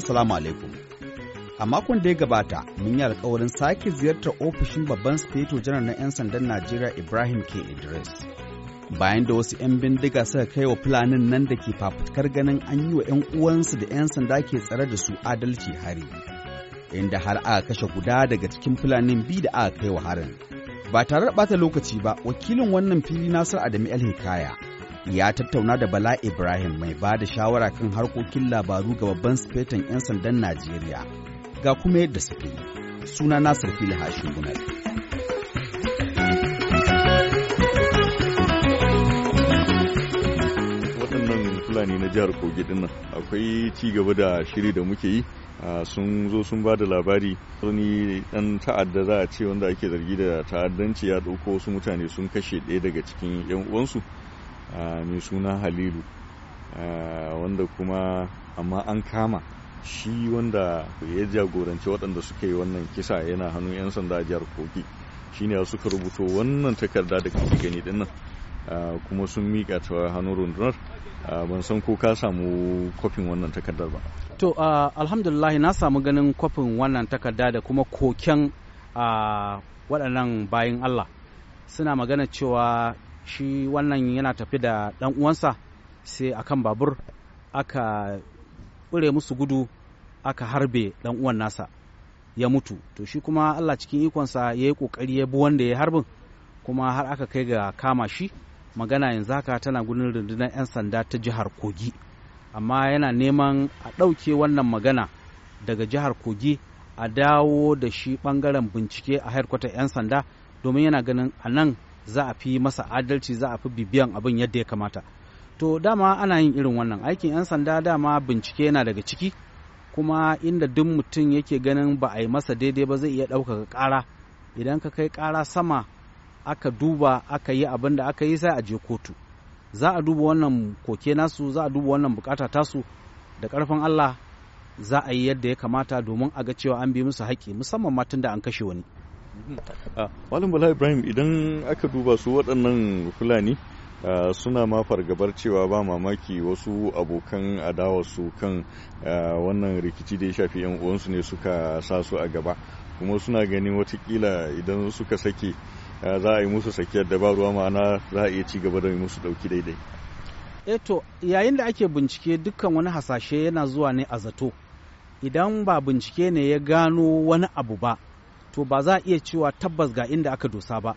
Assalamu alaikum. A makon da ya gabata, mun yi alkawarin sake ziyartar ofishin babban sufeto janar na 'yan sandan Najeriya Ibrahim K. Idris. Bayan da wasu 'yan bindiga suka kai wa fulanin nan da ke fafutukar ganin an yi wa 'yan uwansu da 'yan sanda ke tsare da su adalci hari. Inda har aka kashe guda daga cikin fulanin bi da aka kai wa harin. Ba tare da ɓata lokaci ba, wakilin wannan fili Nasir Adamu El Hikaya ya tattauna da Bala Ibrahim mai ba da shawara kan harkokin labaru ga babban sifetan 'yan sandan Najeriya. Ga kuma yadda suka yi, suna Nasir Fili Hashin Gunar. Waɗannan Fulani na jihar Kogi ɗin nan akwai ci gaba da shiri da muke yi sun zo sun ba da labari wani dan ta'adda za a ce wanda ake zargi da ta'addanci ya ɗauko wasu mutane sun kashe ɗaya daga cikin 'yan uwansu mai suna halilu wanda kuma amma an kama shi wanda ya jagoranci waɗanda suka yi wannan kisa yana hannun 'yan sanda a jihar kogi shine suka rubuto wannan takarda da kake gani dinnan kuma sun miƙa ta hannun rundunar ban san ko ka samu kwafin wannan takardar ba to alhamdulillah na samu ganin kwafin wannan takarda da kuma koken waɗannan bayan allah suna magana cewa shi wannan yana tafi da ɗan uwansa sai a kan babur aka bure musu gudu aka harbe ɗan uwan nasa ya mutu to shi kuma allah cikin ikonsa ya yi ƙoƙari ya bi wanda ya harbin kuma har aka kai ga kama shi magana yanzu haka tana gudun rundunar 'yan sanda ta jihar kogi amma yana neman a ɗauke wannan magana daga jihar kogi a dawo da shi ɓangaren bincike a harkwatar 'yan sanda domin yana ganin a nan za a fi masa adalci za a fi bibiyan abin yadda ya kamata to dama ana yin irin wannan aikin 'yan sanda dama bincike yana daga ciki kuma inda duk mutum yake ganin ba a yi masa daidai ba zai iya ɗaukaka ƙara idan ka kai ƙara sama aka duba aka yi abin da aka yi sai a je kotu za a duba wannan koke nasu za a duba wannan bukata tasu da ƙarfin allah za a yi yadda ya kamata domin a ga cewa an bi musu haƙƙi musamman ma tun da an kashe wani Ah, Malam Bala Ibrahim idan aka duba su waɗannan Fulani ah, suna ma fargabar cewa ba mamaki wasu abokan adawarsu kan ah, wannan rikici da ya shafi 'yan uwansu ne suka sa su a gaba kuma suna ganin watakila idan suka sake za a yi musu sakiyar da ba ruwa ma'ana za a iya ci gaba da yi musu ɗauki daidai. Eto eh yayin da ake bincike dukkan wani hasashe yana zuwa ne a zato idan ba bincike ne ya gano wani abu ba to ba za a iya cewa tabbas ga inda aka dosa ba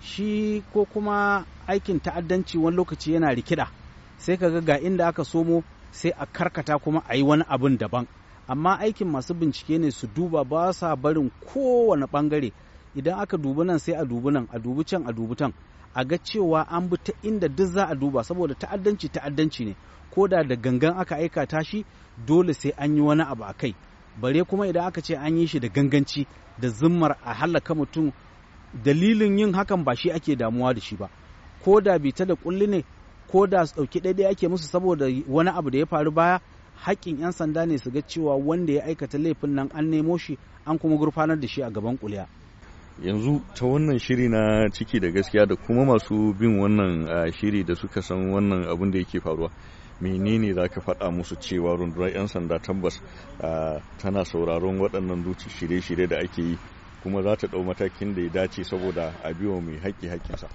shi ko kuma aikin ta'addanci wani lokaci yana rikida sai ka ga inda aka somo sai a karkata kuma a yi wani abin daban amma aikin masu bincike ne su duba ba sa barin kowane bangare idan aka dubi nan sai a dubi nan a dubi can a dubi can a ga cewa an bi ta inda duk za a duba saboda ta'addanci ta'addanci ne ko da da gangan aka aika shi dole sai an yi wani abu a kai bare kuma idan aka ce an yi shi da ganganci da zimmar a halaka mutum dalilin yin hakan ba shi ake damuwa da shi ba ko da bita da kulli ne ko da su ɗauki ɗaiɗai ake musu saboda wani abu da ya faru baya haƙƙin 'yan sanda ne su ga cewa wanda ya aikata laifin nan an nemo shi an kuma gurfanar da shi a gaban kuliya yanzu ta wannan shiri na ciki da gaskiya da kuma masu bin wannan shiri da suka san wannan abin da yake faruwa menene za ka faɗa musu cewa rundunar 'yan sanda tabbas tana sauraron waɗannan duci shirye-shirye da ake yi kuma za ta ɗau matakin da ya dace saboda a biyo mai haƙƙi haƙƙinsa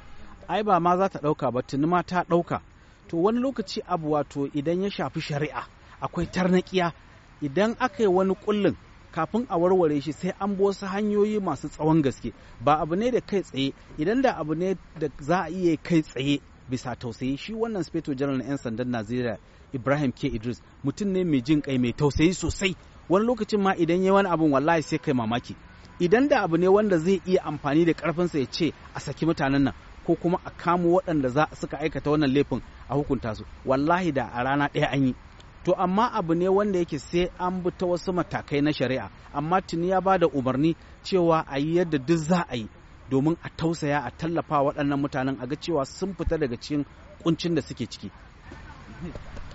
ai ba ma za ta ɗauka ba tuni ma ta ɗauka to wani lokaci abu wato idan ya shafi shari'a akwai tarnaƙiya idan aka yi wani kullum kafin a warware shi sai an wasu hanyoyi masu tsawon gaske ba abu ne da kai tsaye idan da abu ne da za a iya kai tsaye bisa tausayi shi wannan speto general na 'yan sandan najeriya ibrahim k idris mutum ne mai jin kai mai tausayi sosai wani lokacin ma idan ya wani abun wallahi sai kai mamaki idan da abu ne wanda zai iya amfani da karfinsa ya ce a saki mutanen nan ko kuma a kamo waɗanda za suka aikata wannan laifin a hukunta su wallahi da a rana ɗaya an yi to amma abu ne wanda yake sai an bi ta wasu matakai na shari'a amma tuni ya ba da umarni cewa a yi yadda duk za a yi domin a tausaya a tallafa waɗannan mutanen a ga cewa sun fita daga cikin kuncin da suke ciki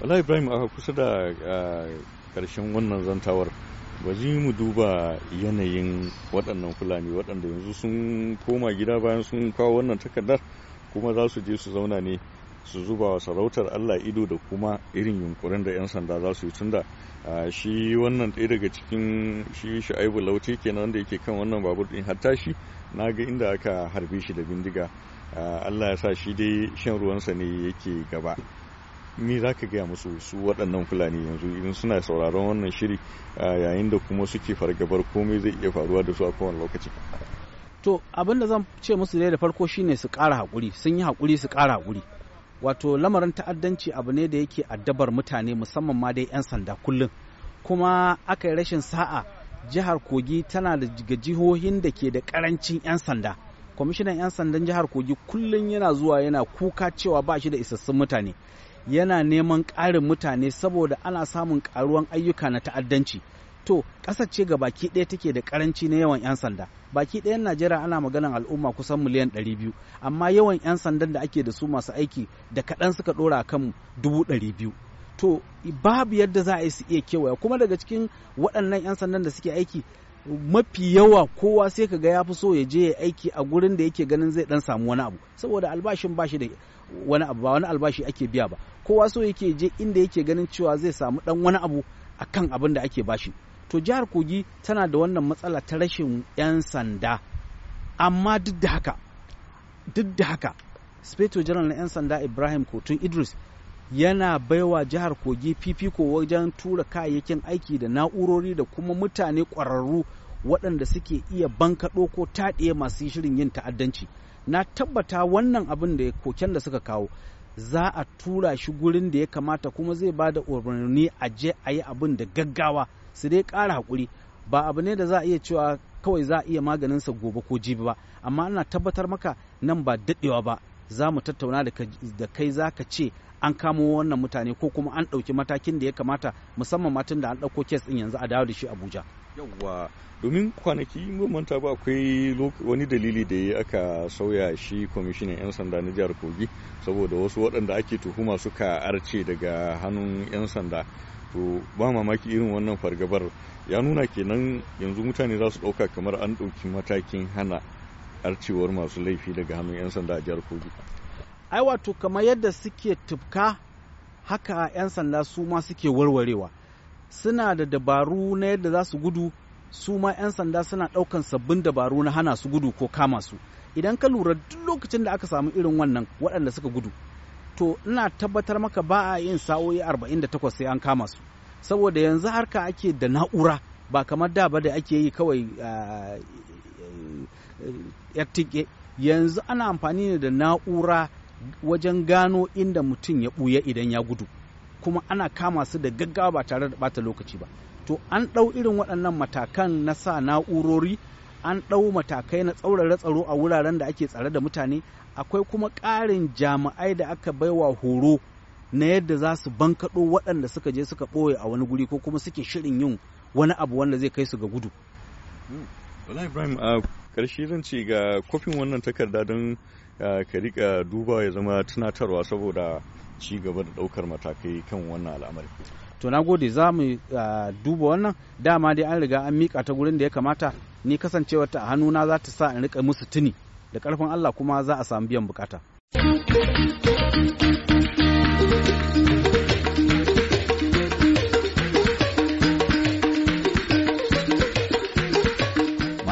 wala ibrahim a kusa da karshen wannan zantawar zai mu duba yanayin waɗannan fulani waɗanda yanzu sun koma gida bayan sun kawo wannan takardar kuma za su je su zauna ne su zuba wa sarautar Allah ido da kuma irin yunkurin da 'yan sanda za su yi tunda shi wannan ɗaya daga cikin shi sha'ibu lauti kenan wanda yake kan wannan babur ɗin hatta shi na ga inda aka harbe shi da bindiga Allah ya sa shi dai shan ruwansa ne yake gaba ni za ka gaya musu su waɗannan fulani yanzu idan suna sauraron wannan shiri yayin da kuma suke fargabar komai zai iya faruwa da su a kowane lokaci to abin da zan ce musu dai da farko shine su ƙara haƙuri sun yi haƙuri su ƙara haƙuri wato lamarin ta'addanci abu ne da yake addabar mutane musamman ma dai 'yan sanda kullum kuma aka yi rashin sa'a jihar kogi tana da jihohin da ke da karancin 'yan sanda kwamishinan 'yan sandan jihar kogi kullum yana zuwa yana kuka cewa ba shi da isassun mutane yana neman ƙarin mutane saboda ana samun ƙaruwan ayyuka na ta'addanci to ƙasar ce ga baki ɗaya take da ƙaranci na yawan 'yan sanda baki ɗayan najeriya ana maganan al'umma kusan miliyan 200 amma yawan 'yan sandan da ake da su masu aiki da kaɗan suka ɗora kan 200 to babu yadda za a yi su iya kewaya kuma daga cikin waɗannan 'yan sandan da suke aiki mafi yawa kowa sai ka ga ya fi so ya je ya aiki a gurin da yake ganin zai dan samu wani abu saboda albashin bashi da wani abu ba wani albashi ake biya ba kowa so yake je inda yake ganin cewa zai samu dan wani abu akan abin da ake bashi to jihar kogi tana da wannan matsala ta rashin 'yan sanda amma duk da haka duk da haka speto general na 'yan sanda ibrahim kotun idris yana baiwa jihar kogi fifiko wajen tura kayayyakin aiki da na'urori da kuma mutane ƙwararru waɗanda suke iya bankaɗo ko taɗiye masu shirin yin ta'addanci na tabbata wannan abin da koken da suka kawo za a tura shi gurin da ya kamata kuma zai ba da umarni a je a yi abin da gaggawa su dai kara hakuri ba abu ne da za a iya cewa kawai za a iya maganin sa gobe ko jibi ba amma ana tabbatar maka nan ba daɗewa ba za mu tattauna da kai za ka ce an kamo wannan mutane ko kuma an ɗauki matakin da ya kamata musamman matan da an ɗauko kes ɗin yanzu a dawo da shi abuja yawwa domin kwanaki manta ba akwai wani dalili da ya aka sauya shi kwamishinan 'yan sanda na jihar kogi saboda wasu waɗanda ake tuhuma suka arce daga hannun 'yan sanda to ba mamaki irin wannan fargabar ya nuna kenan yanzu mutane za su ɗauka kamar an ɗauki matakin hana arcewar masu laifi daga hannun 'yan sanda a jihar kogi ai wato kamar yadda suke tufka haka 'yan sanda su ma suke warwarewa suna da dabaru na yadda za su gudu su ma 'yan sanda suna ɗaukan sabbin dabaru na hana su gudu ko kama su idan ka lura duk lokacin da aka samu irin wannan waɗanda suka gudu to ina tabbatar maka ba a yin sa'o'i 48 sai an kama su saboda yanzu harka ake da na'ura ba kamar da ba da ake yi kawai yattike ah, eh, eh, eh, yanzu ana amfani da na'ura wajen gano inda mutum ya buya idan ya gudu kuma ana kama su da gaggawa ba tare da bata lokaci ba to an ɗau irin waɗannan matakan na sa na'urori an ɗau matakai na tsaurara tsaro a wuraren da ake tsare da mutane akwai kuma ƙarin jami'ai da aka baiwa horo na yadda za su bankaɗo waɗanda suka je suka ɓoye a wani guri ko kuma suke shirin yin wani abu wanda zai kai su ga gudu. Hmm. Wallahi Ibrahim a ƙarshe zan ce ga kofin wannan takarda don ka riƙa duba ya zama tunatarwa saboda ci gaba da ɗaukar matakai kan wannan al'amari. To na gode za mu duba wannan dama dai an riga an miƙa ta gurin da ya kamata ni kasancewarta a hannuna za ta sa in riƙa musu tuni da ƙarfin Allah kuma za a samu biyan bukata.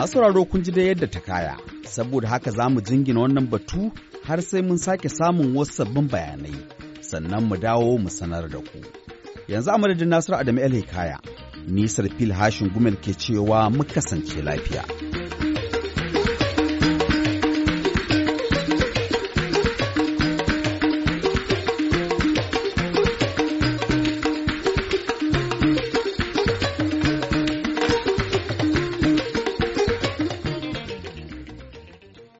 masu sauraro kun ji da yadda ta kaya saboda haka za mu jingina wannan batu har sai mun sake samun wasu sabbin bayanai sannan mu dawo mu sanar da ku yanzu a madadin nasiru adamu elhikaya hikaya nisar fil hashin gumel ke cewa mu kasance lafiya